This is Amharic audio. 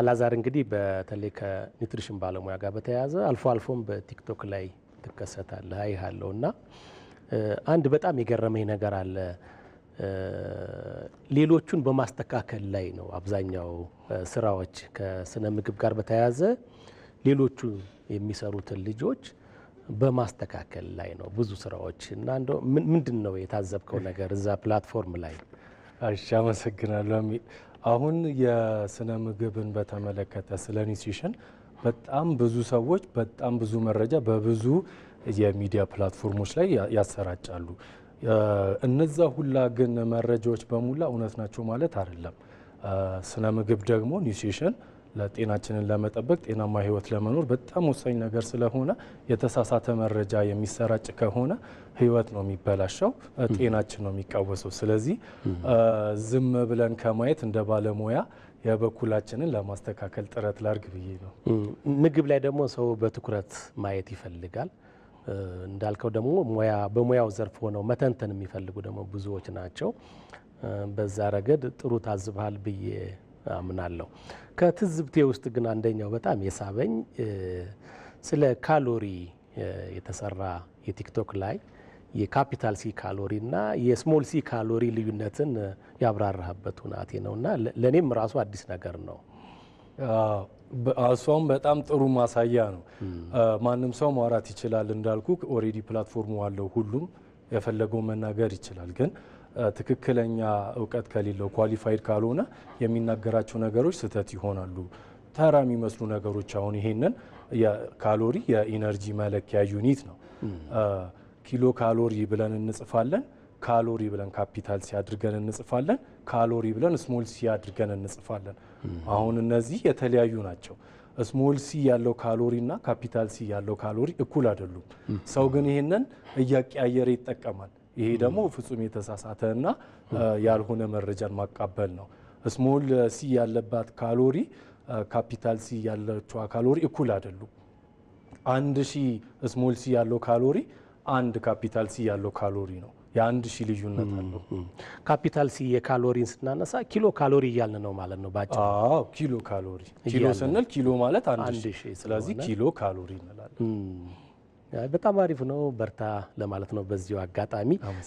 አላዛር እንግዲህ በተለይ ከኒትሪሽን ባለሙያ ጋር በተያያዘ አልፎ አልፎም በቲክቶክ ላይ ትከሰታለህ አይሃለሁ እና አንድ በጣም የገረመኝ ነገር አለ። ሌሎቹን በማስተካከል ላይ ነው አብዛኛው ስራዎች ከስነ ምግብ ጋር በተያያዘ ሌሎቹ የሚሰሩትን ልጆች በማስተካከል ላይ ነው ብዙ ስራዎች እና ምንድን ነው የታዘብከው ነገር እዛ ፕላትፎርም ላይ? እሺ አመሰግናለሁ። አሁን የስነ ምግብን በተመለከተ ስለ ኒውትሪሽን በጣም ብዙ ሰዎች በጣም ብዙ መረጃ በብዙ የሚዲያ ፕላትፎርሞች ላይ ያሰራጫሉ። እነዛ ሁላ ግን መረጃዎች በሙላ እውነት ናቸው ማለት አይደለም። ስነ ምግብ ደግሞ ኒውትሪሽን ለጤናችንን ለመጠበቅ ጤናማ ህይወት ለመኖር በጣም ወሳኝ ነገር ስለሆነ የተሳሳተ መረጃ የሚሰራጭ ከሆነ ህይወት ነው የሚበላሸው፣ ጤናችን ነው የሚቃወሰው። ስለዚህ ዝም ብለን ከማየት እንደ ባለሙያ የበኩላችንን ለማስተካከል ጥረት ላርግ ብዬ ነው። ምግብ ላይ ደግሞ ሰው በትኩረት ማየት ይፈልጋል። እንዳልከው ደግሞ ሙያ በሙያው ዘርፍ ሆነው መተንተን የሚፈልጉ ደግሞ ብዙዎች ናቸው። በዛ ረገድ ጥሩ ታዝበሃል ብዬ አምናለሁ። ከትዝብቴ ውስጥ ግን አንደኛው በጣም የሳበኝ ስለ ካሎሪ የተሰራ የቲክቶክ ላይ የካፒታል ሲ ካሎሪ እና የስሞል ሲ ካሎሪ ልዩነትን ያብራራህበት ሁናቴ ነው እና ለእኔም ራሱ አዲስ ነገር ነው። እሷም በጣም ጥሩ ማሳያ ነው። ማንም ሰው ማውራት ይችላል እንዳልኩ ኦልሬዲ ፕላትፎርሙ አለው። ሁሉም የፈለገው መናገር ይችላል። ግን ትክክለኛ እውቀት ከሌለው ኳሊፋይድ ካልሆነ የሚናገራቸው ነገሮች ስህተት ይሆናሉ። ተራ የሚመስሉ ነገሮች አሁን ይሄንን የካሎሪ የኢነርጂ መለኪያ ዩኒት ነው። ኪሎ ካሎሪ ብለን እንጽፋለን። ካሎሪ ብለን ካፒታል ሲያድርገን እንጽፋለን። ካሎሪ ብለን ስሞል ሲ አድርገን እንጽፋለን። አሁን እነዚህ የተለያዩ ናቸው። ስሞል ሲ ያለው ካሎሪ እና ካፒታል ሲ ያለው ካሎሪ እኩል አይደሉም። ሰው ግን ይሄንን እያቀያየረ ይጠቀማል። ይሄ ደግሞ ፍጹም የተሳሳተና ያልሆነ መረጃን ማቃበል ነው። ስሞል ሲ ያለባት ካሎሪ ካፒታል ሲ ያለችው ካሎሪ እኩል አይደሉም። አንድ ሺ ስሞል ሲ ያለው ካሎሪ አንድ ካፒታል ሲ ያለው ካሎሪ ነው። የአንድ ሺ ልዩነት አለው። ካፒታል ሲ የካሎሪን ስናነሳ ኪሎ ካሎሪ እያልን ነው ማለት ነው። ባጭ ኪሎ ካሎሪ ኪሎ ስንል ኪሎ ማለት አንድ ሺ ስለዚህ ኪሎ ካሎሪ እንላለን። በጣም አሪፍ ነው። በርታ ለማለት ነው በዚሁ አጋጣሚ።